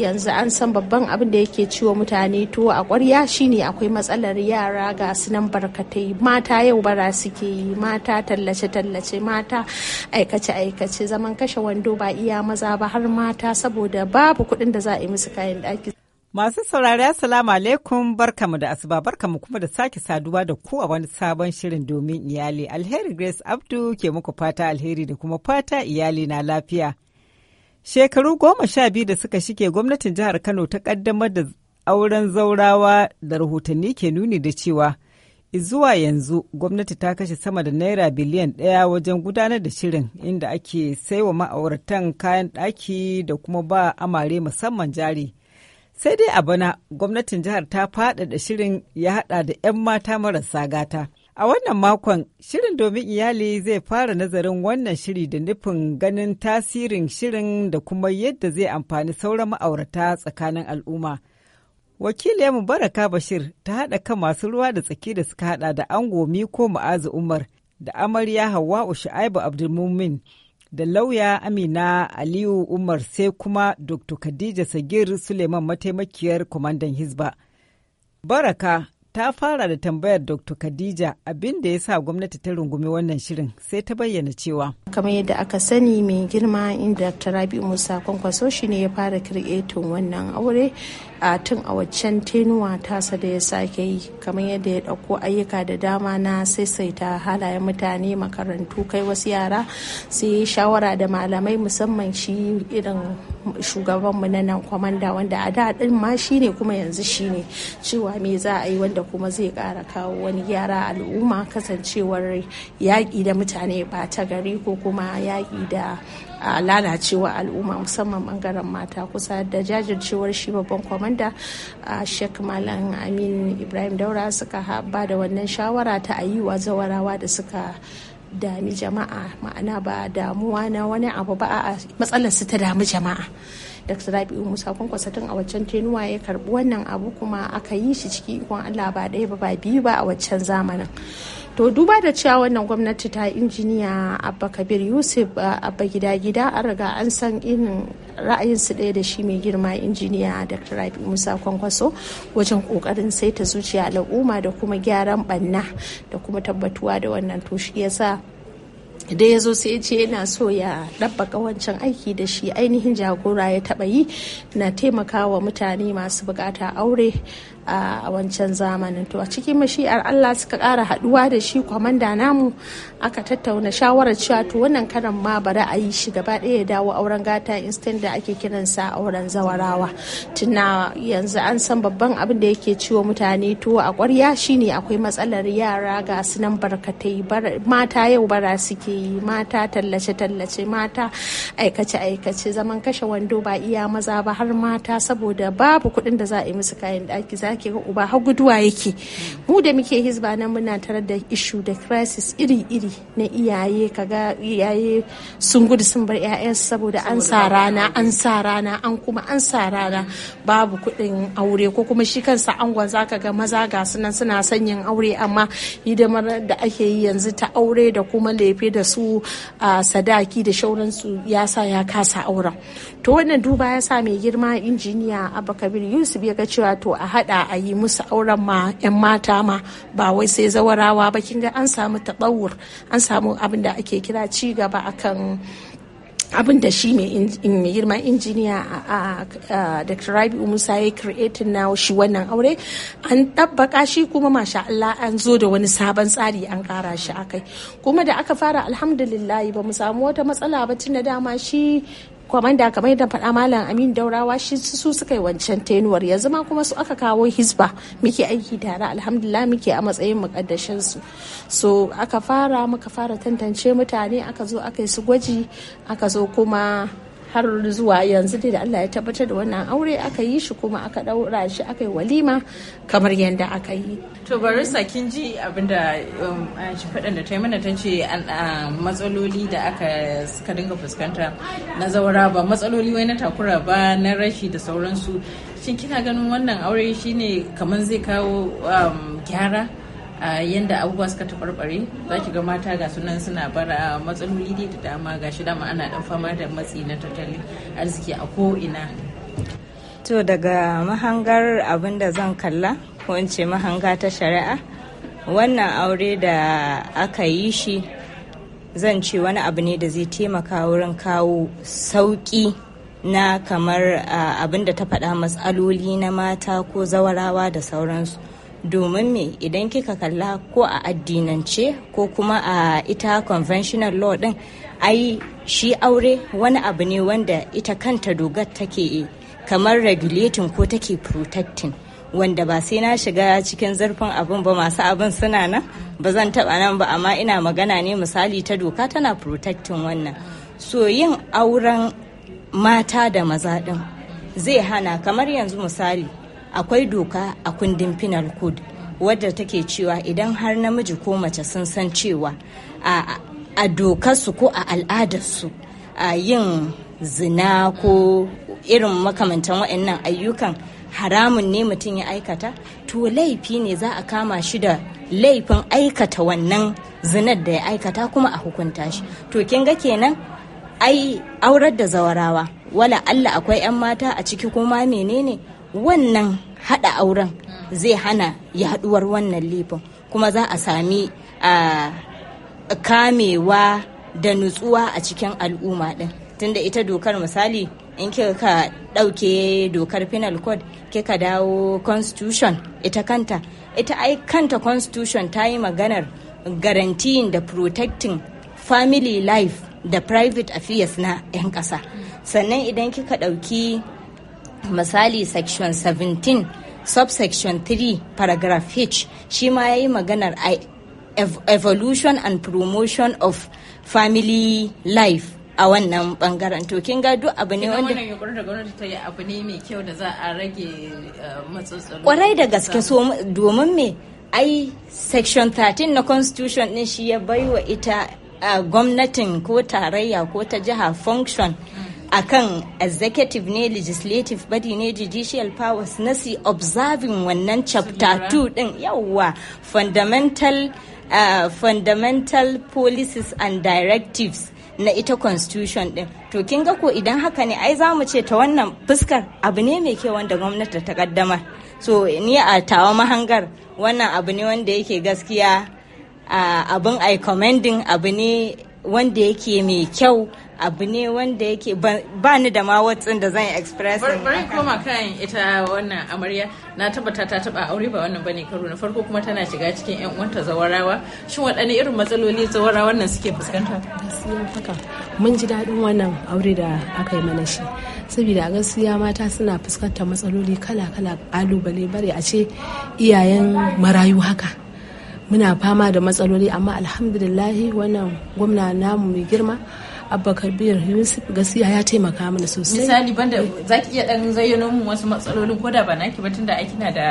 yanzu an san babban abin da yake ciwo mutane tuwo a ƙwarya shine akwai matsalar yara ga su nan barkatai mata yau bara suke yi mata tallace-tallace mata aikace-aikace zaman kashe wando ba iya maza ba har mata saboda babu kuɗin da za a yi musu kayan ɗaki. Masu saurari Assalamu alaikum barkamu da asuba barkamu kuma da sake saduwa da ku a wani sabon shirin domin iyali. Alheri Grace Abdu ke muku fata alheri da kuma fata iyali na lafiya. Shekaru goma sha biyu da suka shige gwamnatin jihar Kano ta ƙaddamar da auren zaurawa da rahotanni ke nuni da cewa zuwa yanzu gwamnati ta kashe sama da naira biliyan ɗaya wajen gudanar da shirin inda ake saiwa ma'auratan kayan ɗaki da kuma ba amare musamman jari sai dai a bana gwamnatin jihar ta faɗaɗa shirin ya haɗa da 'yan mata marasa gata A wannan makon, shirin domin iyali zai fara nazarin wannan shiri da nufin ganin tasirin shirin da kuma yadda zai amfani sauran ma'aurata tsakanin al'umma. Wakiliyar Baraka Bashir ta haɗa kan masu ruwa da tsaki da suka haɗa da ango Miko Ma'azu Umar da amarya Hawwa'u Shu'aibu Abdulmumin da lauya Amina Aliyu Umar sai kuma Dr. Khadija Sagir Suleiman mataimakiyar kwamandan Hizba. Baraka ta fara da tambayar dr khadija abin da ya sa gwamnati ta rungumi wannan shirin sai ta bayyana cewa kamar yadda aka sani mai girma inda dr rabi'u musa kwankwaso shi ne ya fara kiretin wannan aure a tun a waccan tenuwa tasa da ya sake yi kamar yadda ya ɗauko ayyuka da dama na saisaita halayen mutane makarantu kai wasu yara sai shawara da malamai musamman shi irin shugabanmu na nan kwamanda wanda a da din ma shi ne kuma yanzu shi ne cewa me za a yi wanda kuma zai kara kawo wani gyara al'umma kasancewar yaƙi da mutane ba ta gari ko kuma yaƙi da a lalacewa al'umma musamman bangaren mata kusa da jajircewar shi babban kwamanda a sheikh malam amin ibrahim daura suka ba da wannan shawara ta ayyuwa zawarawa da suka dami jama'a ma'ana ba damuwa na wani abu ba a matsalar su ta dami jama'a dr rabi'u musa kwankwasa tun a waccan tenuwa ya karbi wannan abu kuma aka yi shi ciki ikon allah ba ɗaya ba ba biyu ba a waccan zamanin to duba da cewa wannan gwamnati ta injiniya abba kabir yusuf uh, abba gida gida an riga an san irin ra'ayinsu ɗaya da shi mai girma injiniya dr rabi musa kwankwaso wajen ƙoƙarin saita zuciya al'umma da kuma gyaran banna da kuma tabbatuwa da wannan to shi yasa da ya zo sai ce yana so ya ɗabbaka wancan aiki da shi ainihin jagora ya taɓa yi na taimakawa mutane masu bukata aure a wancan zamanin to a cikin mashi'ar Allah suka ƙara haɗuwa da shi kwamanda namu aka tattauna shawarar cewa to wannan karan ma bari a yi shi gaba ɗaya ya dawo auren gata instan da ake kiran sa auren zawarawa tuna yanzu an san babban abin da yake ciwo mutane to a ƙwarya shine akwai matsalar yara ga su nan barkatai mata yau bara suke yi mata tallace tallace mata aikace aikace zaman kashe wando ba iya maza ba har mata saboda babu kuɗin da za a yi musu kayan ɗaki za ake ga uba har guduwa yake mu da muke hizba nan muna tare da ishu da crisis iri-iri na iyaye kaga iyaye sun gudu sun bar 'ya'yansu saboda an sa rana an sa rana an kuma an sa rana babu kuɗin aure ko kuma shi kansa angon zaka ga maza ga su suna sanyin aure amma hidimar da ake yi yanzu ta aure da kuma lefe da su a sadaki da shauransu ya sa ya kasa auren to wannan duba ya sa mai girma injiniya abakabir yusuf ya ga cewa to a hada a yi musu auren ma 'yan mata ma ba wai sai zawarawa ba kin ga an samu taɓawur an samu abin da ake kira ci gaba akan abin da shi mai girma injiniya a dr Rabi'u musa ya creating na shi wannan aure an ɗabbaka shi kuma masha Allah an zo da wani sabon tsari an ƙara shi akai kuma da aka fara alhamdulillahi ba mu samu wata matsala ba tun da dama shi kwamanda kamar yadda faɗa malam amin daurawa shi su suka yi wancan tenuwar yanzu ma kuma su aka kawo hisba muke aiki tare alhamdulillah muke a matsayin mukaddashin su so aka fara muka fara tantance mutane aka zo aka yi su gwaji aka zo kuma har zuwa yanzu dai da Allah ya tabbatar da wannan aure aka yi shi kuma aka daura shi aka yi walima kamar yadda aka yi. To barisa kin ji abinda um, shi faɗin da ta yi mana ta ce matsaloli da aka suka dinga fuskanta na zaura ba matsaloli wai na takura ba na rashi da sauransu. Shin kina ganin wannan aure shine kamar zai kawo um, gyara a yadda abubuwa suka taɓarɓare za ki ga mata ga sunan suna bara matsaloli dai da dama ga shi dama ana dan fama da matsi na tattalin arziki a ko ina. To daga mahangar abin da zan kalla ko in ce mahanga ta shari'a wannan aure da aka yi shi zan ce wani abu ne da zai taimaka wurin kawo sauƙi na kamar abin da ta faɗa matsaloli na mata ko zawarawa da sauransu. domin me idan kika kalla ko a addinance ko kuma a ita conventional law din ai shi aure wani abu ne wanda ita kanta dogar take kamar regulating ko take protecting wanda ba sai na shiga cikin zurfin abin ba masu abin suna nan ba zan taba nan ba amma ina magana ne misali ta doka tana protecting wannan so yin auren mata da maza din zai hana kamar yanzu misali akwai doka a kundin penal code wadda take cewa idan har namiji ko mace sun san cewa a dokarsu ko a al'adarsu a yin zina ko irin makamantan waɗannan ayyukan haramun ne mutum ya aikata to laifi ne za a kama shi da laifin aikata wannan zinar da ya aikata kuma a hukunta shi to kin ga kenan ai aurar da zawarawa wala Allah akwai 'yan mata a ciki kuma menene wannan haɗa auren zai hana yaɗuwar wannan laifin kuma za a sami kamewa da nutsuwa a cikin al'umma din. tunda ita dokar misali in kika ɗauke dokar penal code kika dawo constitution ita kanta ita ai kanta constitution ta yi maganar guaranteeing da protecting family life da private affairs na 'yan ƙasa sannan idan kika ɗauki misali section 17 subsection 3 paragraph h shi ma ya yi maganar evolution and promotion of family life a wannan bangaren to kin ga duk abu ne wanda wannan yukurin da gwamnati ta yi abu ne mai kyau da za a rage eh, matsatsalo kwarai da gaske so domin me ai section 13 na constitution din shi ya baiwa ita eh, gwamnatin ko tarayya ko ta jiha function mm. akan executive ne legislative body ne judicial powers na si observing wannan chapter 2 din yawwa fundamental uh, fundamental policies and directives na ita constitution din to kin ga ko idan haka ne ai za mu ce ta wannan fuskar abu ne mai kyau wanda gwamnati ta kaddamar so ni a tawa mahangar wannan abu ne wanda yake gaskiya uh, abin i commending abu ne wanda yake mai kyau abu ne wanda yake ba ni da mawatsin da zan express bari koma kan ita wannan amarya na tabbata ta taba aure ba wannan bane karo na farko kuma tana shiga cikin yan uwanta zawarawa shin waɗanne irin matsaloli zawarawa wannan suke fuskanta haka mun ji daɗin wannan aure da aka yi mana shi saboda gaskiya mata suna fuskantar matsaloli kala-kala kalubale bare a ce iyayen marayu haka muna fama da matsaloli amma alhamdulillah wannan gwamna namu mai girma abba kabir yusuf Gasiya ya taimaka mana sosai misali banda za ki iya dan zayyano mu wasu matsalolin ko da ba naki ba tunda kina da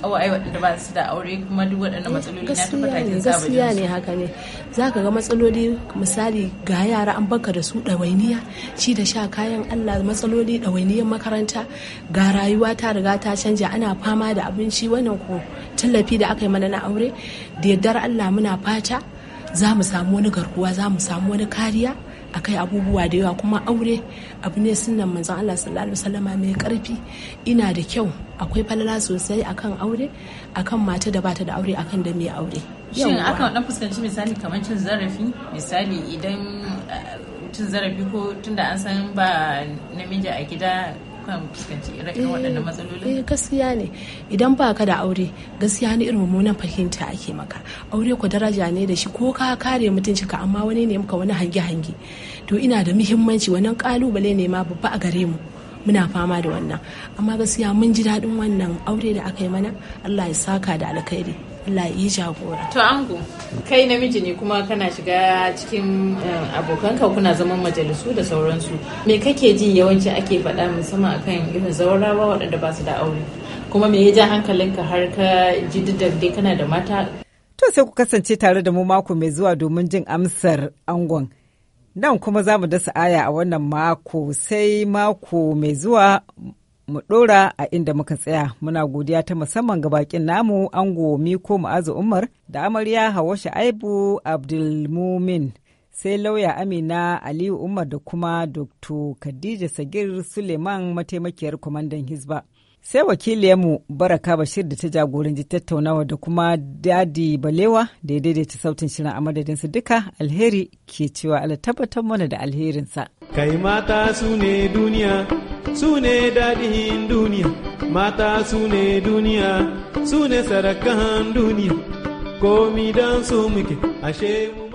kawai wadanda ba su da aure kuma duk wadanda matsaloli na tabbata kin saba gaskiya ne haka ne zaka ga matsaloli misali ga yara an baka da su dawainiya ci da sha kayan Allah matsaloli dawainiyan makaranta ga rayuwa ta riga ta canja ana fama da abinci wannan ko tallafi da aka yi mana na aure da yardar Allah muna fata za mu samu wani garkuwa za mu samu wani kariya akai abubuwa da yawa kuma aure abu ne sunan manzon Allah sallallahu alaihi wasallam mai karfi ina da kyau akwai falala sosai akan aure akan mata da bata da aure akan da mai aure shin aka dan fuskanci misali kamar cin zarafi misali idan eh, cin zarafi ko tunda an san ba namiji a gida kuka eh, eh, gaskiya ne idan ba ka da aure gaskiya ne irin mummunan fahimta ake maka aure ku daraja ne da shi ko ka kare mutunci ka amma wani ne maka wani hange-hange to ina da muhimmanci wannan kalubale ne ma babba a gare mu muna fama da wannan amma gaskiya mun ji daɗin wannan aure da aka yi mana Allah ya saka da alkhairi Allah jagora. To ango, kai namiji ne kuma kana shiga cikin eh, abokanka kuna zaman majalisu da sauransu. Me kake ji yawanci ake faɗa musamman akan irin zaurawa waɗanda ba su da aure? Kuma me ya ja ka har ka ji dai kana da mata? To sai ku kasance tare da mu mako mai zuwa domin jin amsar angon. Nan kuma za mu dasa aya a wannan mako sai mako mai zuwa mu ɗora a inda muka tsaya muna godiya ta musamman ga bakin namu ango miko ma'azu umar da amarya hawa sha'aibu abdulmumin sai lauya amina aliyu umar da kuma dr khadija sagir suleiman mataimakiyar kwamandan hisba sai wakiliyarmu baraka bashir da ta jagoranci tattaunawa da kuma dadi balewa da ya daidaita sautin shirin a madadinsu duka alheri ke cewa ala tabbatar mana da alherinsa kai mata su ne duniya sune ne daɗin duniya mata su duniya su ne sarakan duniya komi don su muke ashe mu